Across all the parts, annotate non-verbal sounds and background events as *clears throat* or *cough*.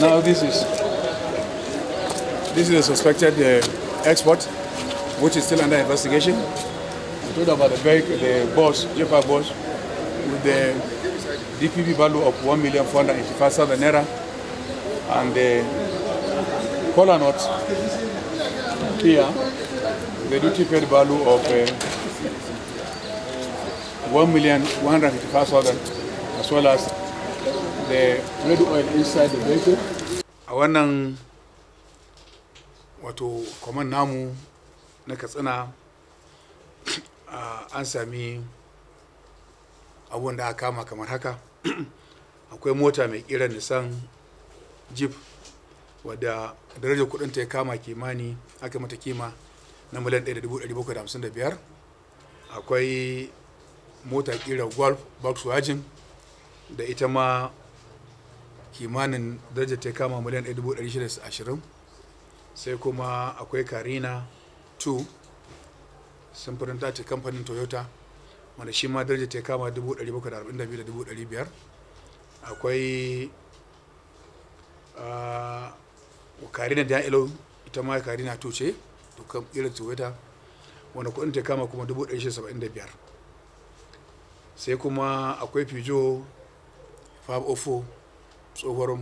Now this is this is a suspected uh, export, which is still under investigation. I told about the very the boss, Jepa boss, with the DPP value of one million four hundred eighty-five thousand naira, and the cola nut here, the duty paid value of uh, one million one hundred fifty-five thousand, as well as the red oil inside the vehicle a wannan wato kwaman namu na katsina an sami abubuwan da aka kama kamar haka *clears throat* akwai mota mai kiran nisan jeep wadda darajar ta ya kama kimani aka mata kima na miliyan 1,755 akwai mota kiran golf volkswagen da ita ma kimanin daji ta kama miliyan 1,620 sai kuma akwai karina 2 samfurin ta ce kamfanin toyota wanda shi ma daji ta kama 742,500 akwai karina ah, da ilo ita ma karina 2 ce dukkan irin toyota wanda kudin ta kama kuma 1,675 sai kuma akwai pijo 504 tsohuwar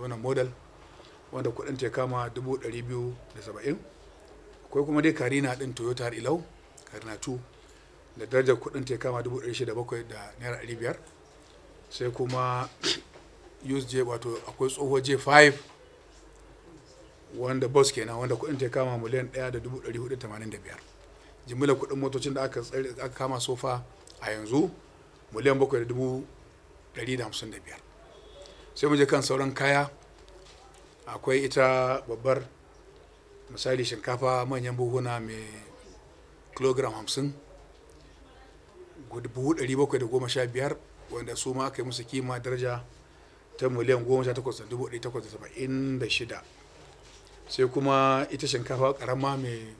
mana model wanda kudin ta kama 270 kai kuma dai karina din toyota har ilau karina 2 da darajar kudin ta kama 607 da naira 500 sai kuma *clears throat* use j wato akwai tsohuwar j5 wanda bus kenan wanda kudin ta kama miliyan 1,485 jimila kudin motocin da aka kama sofa a yanzu miliyan 7,155 sai muje kan sauran kaya akwai ita babbar misali shinkafa manyan buhuna mai kilogram hamsin buhu ɗari bakwai da goma sha biyar wanda su ma aka yi musu kima daraja ta miliyan goma sha takwas da dubu takwas da saba'in da shida sai kuma ita shinkafa ƙarama mai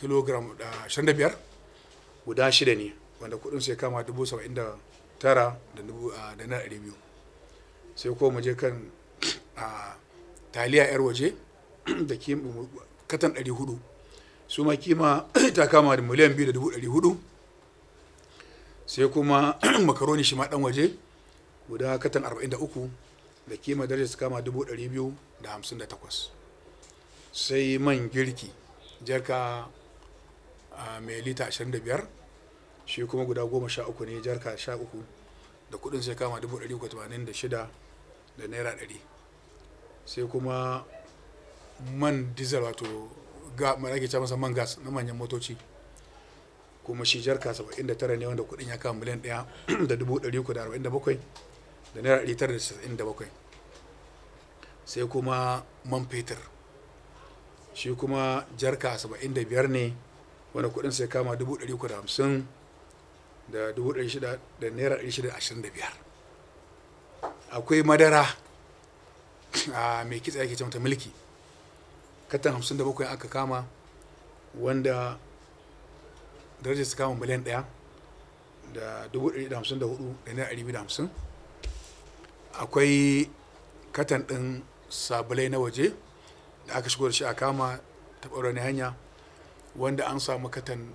kilogram 25 da biyar guda shida ne wanda kuɗin sai kama dubu saba'in da tara da naira ɗari biyu sai ko muje kan kan taliya yar waje *clears throat* da katan ɗari hudu su ma kima *clears throat* ta kama da miliyan biyu da dubu ɗari hudu sai kuma *clears throat* makaroni shi ma ɗan waje guda katan arba'in da uku da kima daraja su kama dubu ɗari biyu da hamsin da takwas sai man girki jaka mai lita ashirin da biyar shi kuma guda goma sha uku ne jarka sha uku da kudin sai kama dubu ɗari tamanin da shida da naira ɗari sai kuma man diesel wato ga ake ce masa man gas na manyan motoci kuma shi jarka saba'in da tara ne wanda kudin ya kama miliyan ɗaya *clears throat* da dubu ɗari uku da arba'in da bakwai da naira ɗari tara da sassa'in da bakwai sai kuma man fetur shi kuma jarka saba'in da biyar ne wanda kudin sai kama dubu ɗari uku da hamsin da dubu ɗari shida da naira ɗari shida ashirin da biyar akwai madara *clears throat* a mai kitsa yake mata milki katan hamsin da bakwai aka kama wanda darajar su kama miliyan ɗaya da dubu ɗari da hamsin da hudu da naira ɗari biyu da hamsin akwai katan ɗin sabulai na waje da aka shigo da shi a kama ta ɓaurani hanya wanda an samu katan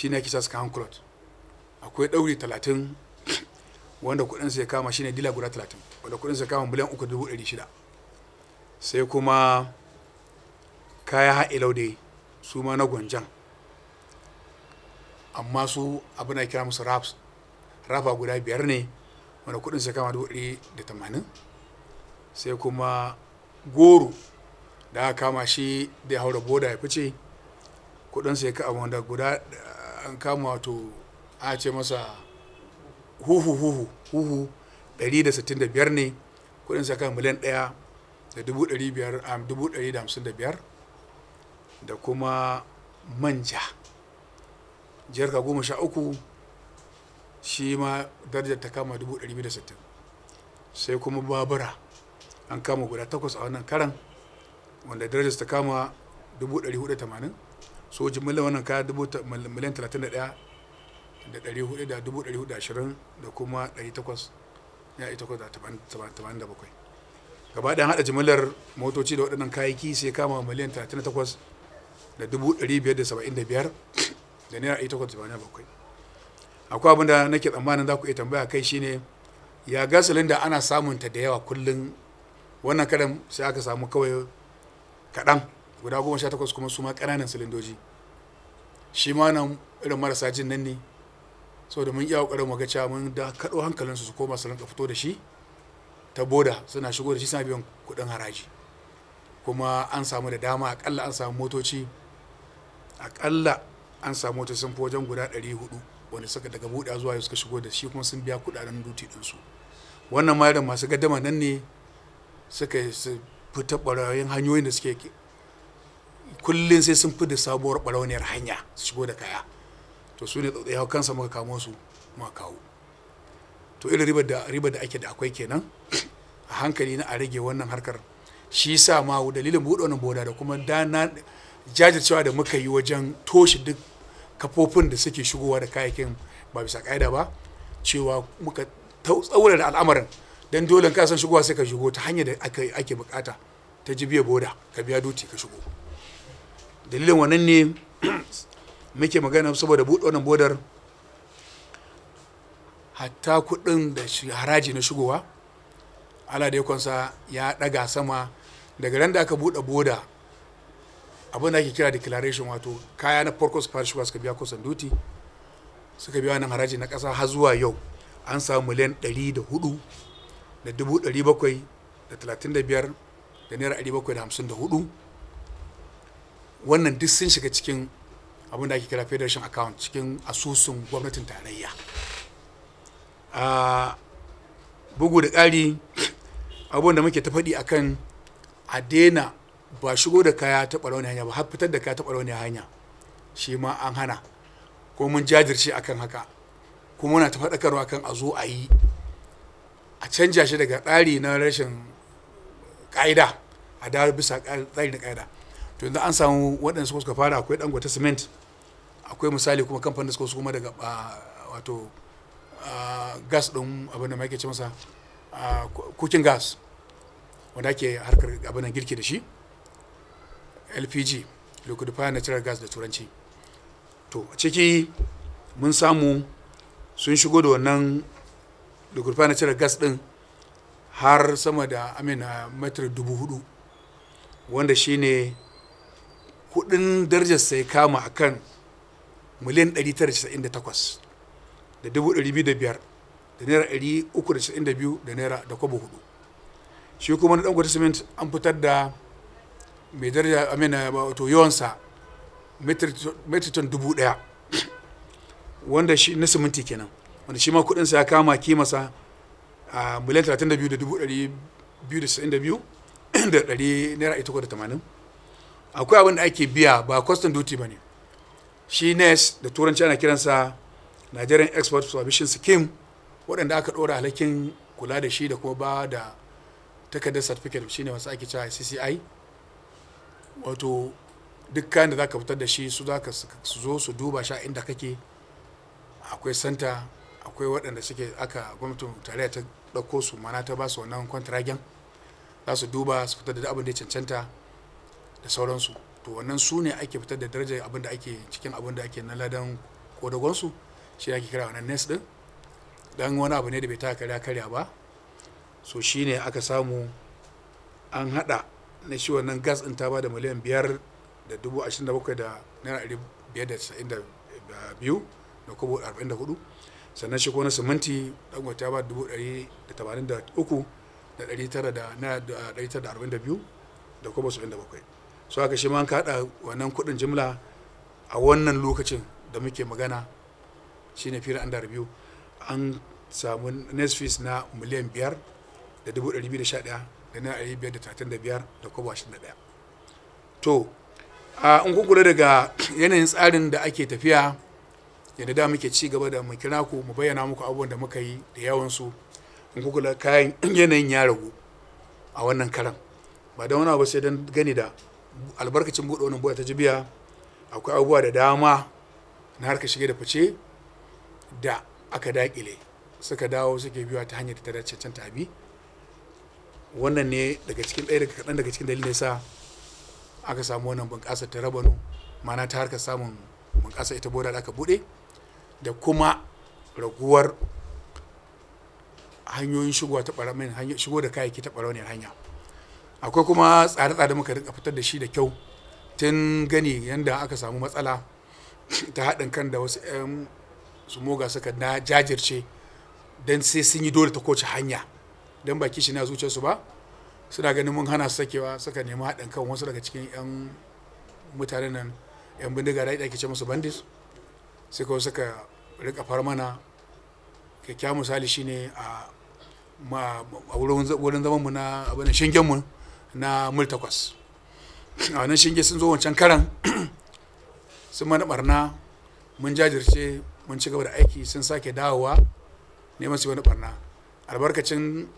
shine ake sa su cloth akwai ɗauri talatin wanda kuɗin sai kama shine dila guda talatin wanda kuɗin sai kama miliyan uku dubu ɗari shida sai kuma kaya ha'ilau dai su ma na gwanjan amma su abin da kira musu raps rafa guda biyar ne wanda kuɗin sai kama dubu ɗari da tamanin sai kuma goro da aka kama shi da ya haura boda ya fice kuɗin sai kama wanda guda an kama wato a ce masa huhu huhu huhu 165 ne kudin saka miliyan daya da 155 ah, da kuma manja ka goma sha uku shi ma darajar ta kama 260 sai kuma babura an kama guda takwas a wannan karan wanda darajar ta kama 480 sojin jimillar wannan kaya miliyan 31 da 420 da kuma bakwai. gaba ɗayan haɗa jimillar motoci da waɗannan kayayyaki sai kama miliyan 38 da 575 da naira bakwai. akwai abin da nake tsammanin za ku iya tambaya kai shine ya gasolin da ana samunta da yawa kullum wannan karan sai aka samu kawai kaɗan guda goma sha takwas kuma su ma ƙananan silindoji shi ma nan irin marasa jin nan ne saboda mun iya ƙoƙarin mu ga cewa mun da kaɗo hankalinsu su koma su rinka fito da shi ta boda suna shigo da shi suna biyan kuɗin haraji kuma an samu da dama aƙalla an samu motoci Aƙalla an samu motoci sun fi wajen guda ɗari hudu wanda suka daga buɗe zuwa yau suka shigo da shi kuma sun biya kuɗaɗen duti ɗinsu wannan ma irin masu gadama nan ne suka fita ɓarayin hanyoyin da suke kullum sai sun fi da sabuwar ɓarauniyar hanya su shigo da kaya to su ne tsautsayawa kansa muka kamo su muka kawo to irin ribar da ribar da ake da akwai kenan a hankali na a rage wannan harkar shi sa ma dalilin buɗe wannan boda da kuma dana jajircewa da muka yi wajen toshe duk kafofin da suke shigowa da kayayyakin ba bisa ƙa'ida ba cewa muka tsaura da al'amarin don dole ka san shigowa sai ka shigo ta hanyar da ake bukata ta jibiya boda ka biya duti ka shigo dalilin wannan ne muke magana saboda buɗe wannan bodar hatta kuɗin da haraji na shigowa ala da yakonsa ya ɗaga sama daga ran da aka buɗe boda abin da ake kira declaration wato kaya na farko su fara shigowa suka biya kusan duty suka biya wannan haraji na ƙasa har zuwa yau an samu miliyan ɗari da hudu da dubu ɗari bakwai da talatin da biyar da naira ɗari bakwai da hamsin da hudu wannan duk sun shiga cikin abin da ake kira federation account cikin asusun gwamnatin tarayya ah, bugu da ƙari abin da muke ta faɗi akan a daina ba shigo da kaya ta ɓarauni hanya ba har fitar da kaya ta ɓarauni hanya shi ma an hana ko mun jajirce akan haka kuma muna ta faɗakarwa kan a zo a yi a canja shi daga tsari na rashin ƙa'ida a dawo bisa tsari na ƙa'ida to yanzu an samu waɗanda suka fara akwai dangote cement akwai misali kuma kamfanin suka kuma daga ah, wato ah, gas ɗin abinda da ma ci masa ah, cooking gas wanda ake harkar abin nan girki da shi lpg liquefied natural gas da turanci to a ciki mun samu sun shigo da wannan liquefied natural gas ɗin har sama da amina metar dubu hudu wanda shine ne kudin darajar sai kama a kan miliyan 998 da 2,500 da naira 392 da naira da kwabo hudu shi kuma na dangote cement an fitar da mai daraja amina eh, wato yawansa metriton dubu daya wanda shi na siminti kenan wanda shi ma kudinsa ya kama kimasa a miliyan 32 da 292 da naira 880 akwai abin da ake biya ba custom duty ba ne shi nes da turanci ana kiransa nigerian export prohibition scheme waɗanda aka ɗora alhakin kula da shi da kuma ba da takardar certificate shi ne wasu ake cewa cci wato duk kayan da za ka fitar da shi su za ka su zo su duba sha inda kake akwai santa akwai waɗanda suke aka gwamnatin tarayya ta ɗauko su mana ta ba su wannan kwantaragen za su duba su fitar da abin da ya cancanta da sauransu to wannan su ne ake fitar da darajar abin da ake cikin abin da ake na ladan kodagonsu shi ake kira wannan nes din dan wani abu ne da bai ta karya karya ba so shi ne aka samu an hada na shi wannan gas din ta ba da miliyan biyar da dubu ashirin da bakwai da naira ɗari biyar da casa'in da biyu da kobo arba'in da hudu sannan shi ko na siminti dangote ta ba dubu ɗari da tamanin da uku da ɗari tara da naira ɗari tara da arba'in da biyu da kobo saba'in da bakwai so aka shi man kaɗa wannan kuɗin jimla a wannan lokacin da muke magana shine fira an da biyu an samu nesfis na miliyan biyar da dubu ɗari biyu da sha ɗaya da na ɗari biyar da tatin da biyar da kwabo ashirin da ɗaya to in kun kula daga *clears throat* yanayin tsarin da ake tafiya yadda da muke ci gaba da mu kira ku mu bayyana muku abubuwan da muka yi da yawansu in kun kula kayan *clears throat* yanayin ya ragu a wannan karan ba da wani abu sai don gani da albarkacin buɗe wannan boya ta jibiya akwai abubuwa da dama na harkar shige da fice da aka daƙile suka dawo suke biyuwa ta hanyar ta dace can tabi wannan ne daga cikin ɗaya daga kaɗan daga cikin dalilin sa aka samu wannan bunƙasa ta rabanu ma'ana ta harka samun bunƙasa ita boda da aka buɗe da kuma raguwar hanyoyin shigo shigo da kayayyaki ta ɓarauniyar hanya akwai kuma tsare-tsare muka rika fitar da shi da kyau tun gani yadda aka samu matsala *clears throat* ta haɗin kan da wasu 'yan su moga suka na jajirce don sai sun yi dole ta kowace hanya don ba kishi na zuciyarsu ba suna ganin mun hana su sakewa suka nemi haɗin kan wasu daga cikin 'yan mutanen nan 'yan bindiga da ake ce musu bandit sai kawai suka rika far mana kyakkyawan misali shine a wurin zaman mu na abin shingen mu na mil takwas a wannan shinge sun zo wancan karan *clears throat* sun mana barna mun jajirce mun ci gaba da aiki sun sake dawowa neman su wani barna albarkacin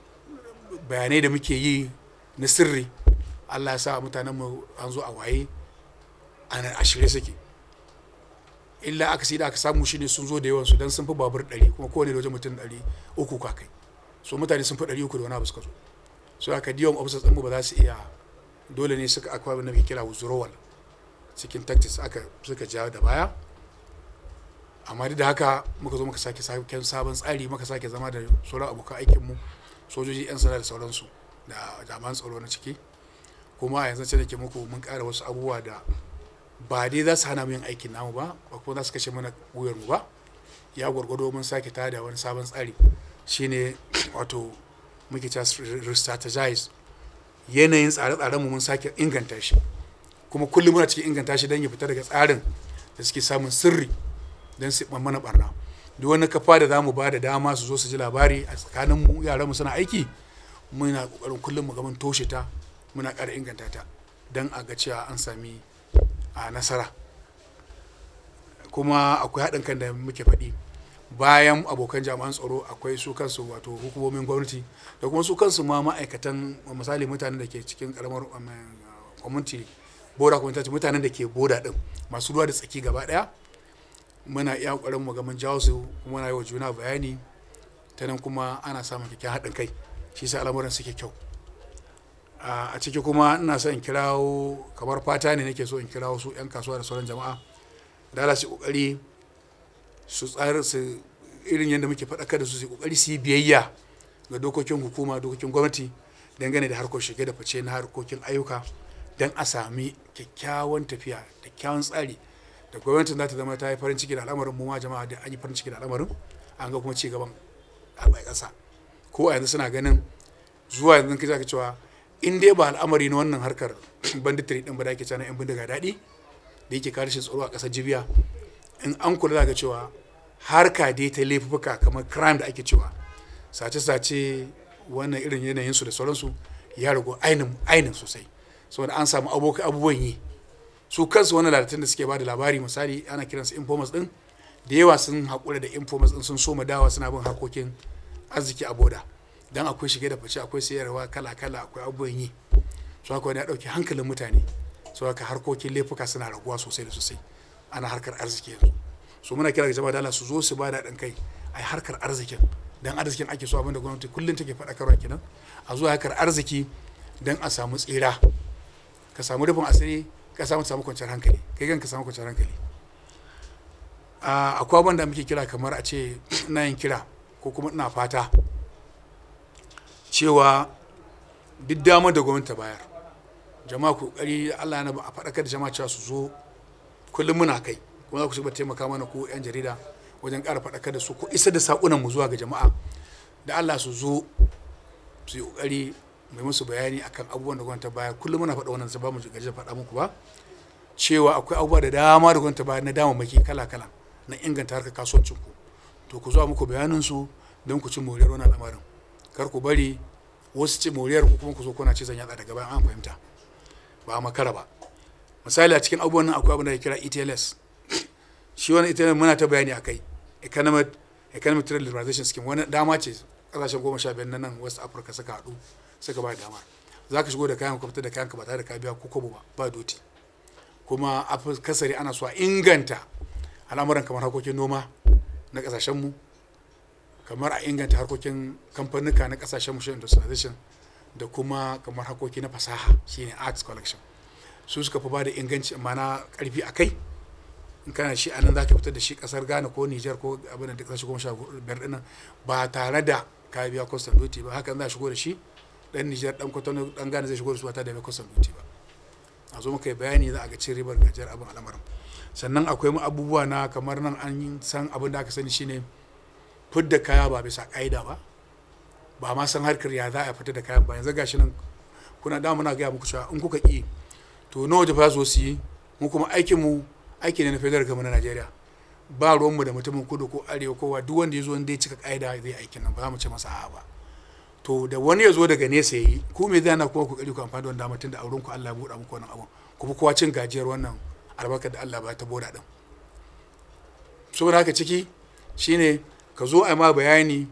bayanai da muke yi na sirri allah ya sa mutanen mu an zo a waye a shirye suke illa aka sai da aka samu shine sun zo da yawan su don sun fi babur dari, kuma kowane da wajen mutum dari uku kakai so mutane sun fi uku da wani abu suka zo su aka diyon officers ɗinmu ba za su iya dole ne suka akwai abin da muke kira withdrawal cikin tactics aka suka jawo da baya amma da haka muka zo muka sake saken sabon tsari muka sake zama da sauran abokan aikinmu sojoji 'yan sanda da sauransu da jami'an tsaro na ciki kuma a yanzu ce da ke muku mun ƙara wasu abubuwa da ba dai za su hana mu yin aikin namu ba ba kuma za su kashe mana wuyar mu ba ya gwargwado mun sake tada wani sabon tsari shine wato muke ta strategize yanayin tsare-tsaren mu mun sake inganta shi kuma kullum muna cikin inganta shi don ya fita daga tsarin da suke samun sirri don su mana barna duk wani kafa da zamu ba da dama su zo su ji labari a tsakanin mu yaran mu suna aiki muna kokarin kullum mu ga mun toshe ta muna ƙara inganta ta don a ga cewa an sami a nasara kuma akwai haɗin kan da muke faɗi bayan abokan jami'an tsaro akwai su kansu wato hukumomin gwamnati da kuma su kansu ma ma'aikatan misali mutanen da ke cikin karamar kwamiti um, boda community mutanen da ke boda din masu ruwa da tsaki gaba daya muna iya ƙoƙarin mu ga mun jawo su kuma na yi wa juna bayani ta nan kuma ana samun kyakkyawan haɗin kai shi sa al'amuran suke kyau a ciki kuma ina so in kirawo kamar fata ne nake so in kirawo su 'yan kasuwa da sauran jama'a da su ƙoƙari su tsara su irin yadda muke faɗaka da su su kokari su yi biyayya ga dokokin hukuma dokokin gwamnati dangane da harkar shige da fice na harkokin ayyuka don a sami kyakkyawan tafiya da kyawun tsari da gwamnatin za ta zama ta yi farin ciki da al'amarin mu ma jama'a da an yi farin ciki da al'amarin an ga kuma cigaban a ƙasa ko a yanzu suna ganin zuwa yanzu kaje ka cewa in dai ba al'amari na wannan harkar banditiri din ba da yake cana yan bindiga daɗi da yake kare shi tsaro a ƙasar jibiya in an kula da ga cewa harka dai ta laifuka kamar crime da ake cewa sace-sace wannan irin yanayinsu da sauransu ya ragu ainin sosai saboda an samu abubuwan yi su kansu wani lalatun da suke bada labari misali ana kiran kiransu informers din da yawa sun haƙura da informers din sun so mu dawa suna bin hakokin arziki a boda dan akwai shige da fice akwai sayarwa kala-kala akwai abubuwan yi su haka wani ya ɗauki hankalin mutane su haka harkokin laifuka suna raguwa sosai da sosai ana harkar arziki yanzu so muna kira ga jama'a dala su zo su ba da ɗan kai a yi harkar arzikin dan arzikin ake so abinda gwamnati kullum take karwa kenan a zuwa harkar arziki dan a samu tsira ka samu rufin asiri ka samu samu kwanciyar hankali kai kan ka samu kwanciyar hankali akwai abin da muke kira kamar a ce *clears throat* ina yin kira ko kuma ina fata cewa duk damar da gwamnati ta bayar jama'a kokari Allah ya a faɗakar da jama'a cewa su zo kullum muna kai kuma za ku shiga taimaka mana ko 'yan jarida wajen ƙara faɗakar da su ko isa da saƙunan mu zuwa ga jama'a da Allah su zo su yi ƙoƙari mai musu bayani akan abubuwan da gwamnati baya kullum muna faɗa wannan ba mu gaji da faɗa muku ba cewa akwai abubuwa da dama da gwamnati baya na dama maki kala-kala na inganta harkar kasuwancin ku to ku zuwa muku bayanin su don ku ci moriyar wannan al'amarin kar ku bari wasu ci moriyar ku kuma ku zo kuna ci zan yatsa daga bayan an fahimta ba makara ba misali a cikin abubuwan nan akwai abin da kira etls shi wani etls muna ta bayani akai economic economic trade liberalization scheme wani dama ce kasashen goma sha biyar na nan west africa suka haɗu suka ba dama za ka shigo da kayan ka fita da kayan ka ba tare da ka biya ko kobo ba ba doti kuma a kasari ana so a inganta al'amuran kamar harkokin noma na kasashenmu kamar a inganta harkokin kamfanuka na kasashenmu shi industrialization da kuma kamar harkoki na fasaha shine arts collection su suka fi ba da inganci amma na karfi a kai in kana shi anan za ka fitar da shi kasar ghana ko niger ko abin da kasashe goma sha biyar dinnan ba tare da ka biya kwastan duty ba hakan za shigo da shi dan niger dan kwatano dan ghana zai shigo da su ba tare da biya kwastan duty ba a zo muka yi bayani za a ga cin ribar gajiyar abin al'amarin sannan akwai mu abubuwa na kamar nan an san abin da aka sani shine da kaya ba bisa ƙa'ida ba ba ma san harkar ya za a fita da kayan ba yanzu gashi nan kuna damuna gaya muku cewa in kuka ƙi to nawa waje fa su yi mu kuma aikin mu aiki ne na federal gama na Najeriya ba ruwan mu da mutumin kudu ko arewa kowa duk wanda ya zo wanda ya cika kaida zai aikin nan ba za mu ce masa a'a ba to da wani ya zo daga nesa ya yi, ku me zai na kuma ku kari ku amfani da damar tunda auren ku Allah ya buɗa muku wannan abu ku bi kowa cin gajiyar wannan albarkar da Allah ba ta boda din saboda haka ciki shine ka zo a ma bayani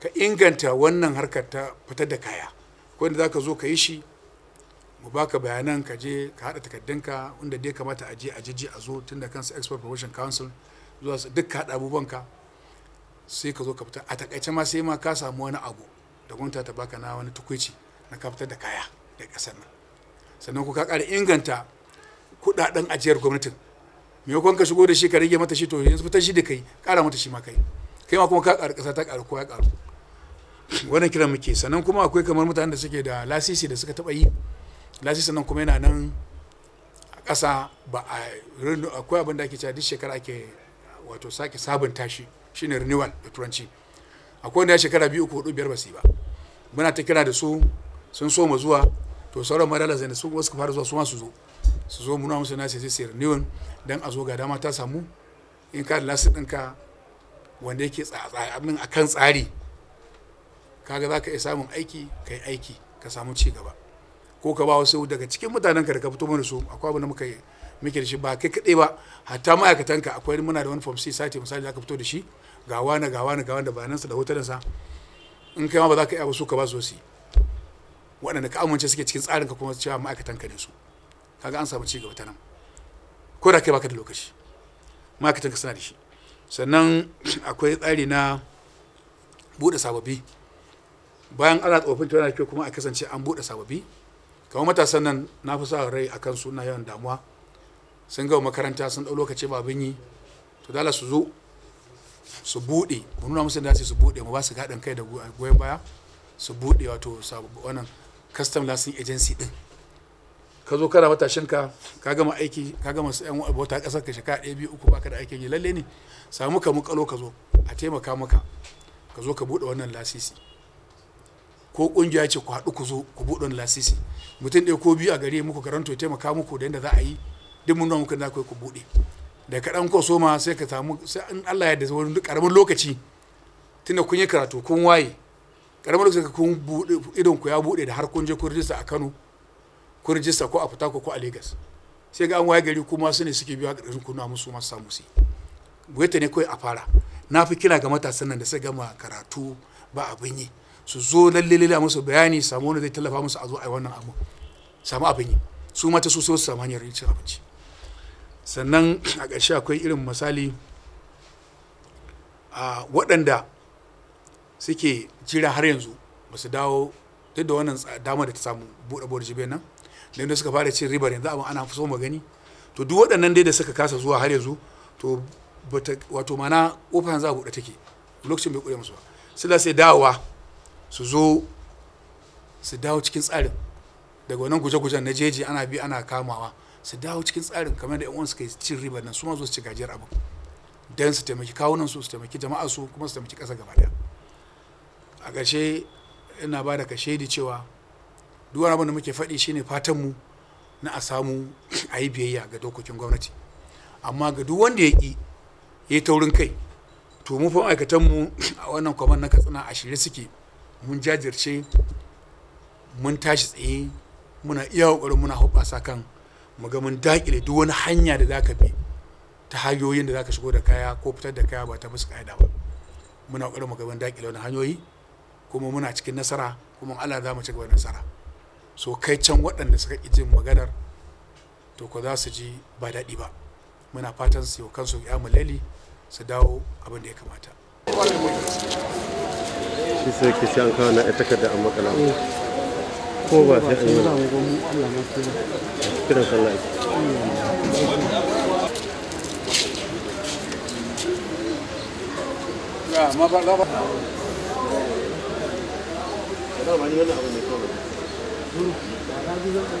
ka inganta wannan harkar ta fitar da kaya ko za ka zo ka yi shi mu baka bayanan ka je ka haɗa takaddunka inda dai kamata a je a jiji a zo tun da kansu export promotion council zuwa su duk haɗa ka. sai ka zo ka fita a takaice ma sai ma ka samu wani abu da gwamnati ta baka na wani tukuici na ka fitar da kaya da ƙasar nan sannan ku ka ƙara inganta kuɗaɗen ajiyar gwamnatin maimakon ka shigo da shi ka rage mata shi to yanzu fitar shi da kai ƙara mata shi ma kai kai ma kuma ka ƙara ƙasa ta ƙara ko ya ƙaru wannan kiran muke sannan kuma akwai kamar mutanen da suke da lasisi da suka taɓa yi Lasi nan kuma yana nan a ƙasa ba a akwai abin da ake cewa duk shekara ake wato sake sabunta shi shine renewal da turanci akwai wanda ya shekara biyu uku hudu biyar ba su yi ba muna ta kira da su sun so mu zuwa to sauran madala zai su wasu fara zuwa su ma su zo su zo muna musu na sai sai renewal dan a zo ga dama ta samu in ka da lasin ɗinka wanda yake abin a kan tsari kaga za ka iya samun aiki ka yi aiki ka samu ci gaba ko ka ba wasu daga cikin mutanen ka da ka fito mana su akwai abu da muka yi muke da shi ba kai kaɗai ba hatta ma'aikatanka akwai muna da wani form c site misali zaka fito da shi ga wani ga wani ga wani da bayanansa da hotunansa in kai ma ba za ka iya su ka ba su wasu waɗanda ka amince suke cikin tsarin ka kuma cewa ma'aikatanka ne su kaga an samu cigaba ta nan ko da kai baka da lokaci ma'aikatanka suna da shi sannan akwai tsari na buɗe sababbi bayan ana tsofin tunanin kyau kuma a kasance an buɗe sababbi kamar matasan nan na fi sa rai akan suna yawan damuwa sun gawa makaranta sun ɗau lokaci ba abin yi to dala su zo su buɗe mu nuna musu da su buɗe mu ba su gaɗin kai da goyon baya su buɗe wato wannan custom licensing agency ɗin ka zo kana matashin ka ka gama aiki ka gama yan abota ƙasar ka shekara ɗaya biyu uku ka da aikin yi lalle ne samu ka mukalo ka zo a taimaka maka ka zo ka buɗe wannan lasisi ko kungiya ce ku haɗu ku zo ku buɗe wani lasisi mutum ɗaya ko biyu a gari muku karanto ya taimaka muku da yadda za a yi duk mun muku da ku buɗe da kaɗan ko soma sai ka samu sai an Allah ya da wani ƙaramin lokaci tunda kun yi karatu kun waye ƙaramin lokaci kun buɗe idon ku ya buɗe da har kun je rijista a Kano ko rijista ko a Fatako ko a Lagos sai ga an waye gari kuma su ne suke biya ƙarƙashin kuna musu masu samu su yi ne kawai a fara na fi kira ga matasan nan da sai gama karatu ba abin yi su zo lalle lalle a musu bayani samu wani zai tallafa musu a zo a wannan abu samu abin yi su mata su so su samu hanyar cin abinci sannan a ƙarshe akwai irin misali a waɗanda suke jira har yanzu ba su dawo duk da wannan dama da ta samu buɗe buɗe jibe nan da yadda suka fara cin ribar yanzu abin ana so magani to duk waɗannan dai da suka kasa zuwa har yanzu to wato mana ƙofa yanzu a buɗe take lokacin bai ƙure musu ba sila sai dawowa su zo su dawo cikin tsarin daga wannan guje-gujen na jeji ana bi ana kamawa su dawo cikin tsarin kamar da 'yan uwan suka cin riba nan su ma zo su ci gajiyar abu don su taimaki kawunan su su taimaki jama'a su kuma su taimaki ƙasa gaba daya a ƙarshe ina ba da kashe da cewa duk wani abin da muke faɗi shine fatan mu na a samu a yi biyayya ga dokokin gwamnati amma ga duk wanda ya ƙi ya yi taurin kai to mu fa ma'aikatan mu a wannan kwamar na katsina a shirye suke mun jajirce mun tashi tsaye muna iya hukuri muna hoɓasa kan mu ga mun daƙile duk wani hanya da zaka bi ta hanyoyin da zaka shigo da kaya ko fitar da kaya ba ta musu ƙa'ida ba muna hukuri mu ga mun daƙile wani hanyoyi kuma muna cikin nasara kuma Allah za mu ci gaba nasara so kai can waɗanda suka ƙi jin maganar to ko za su ji ba daɗi ba muna fatan su yau kansu ya mulali su dawo abin da ya kamata shi sai ke sai an kawo na ita kada an makala ko ba sai an yi ba kiran sallah Ya, ma ba ba. Kada ba ni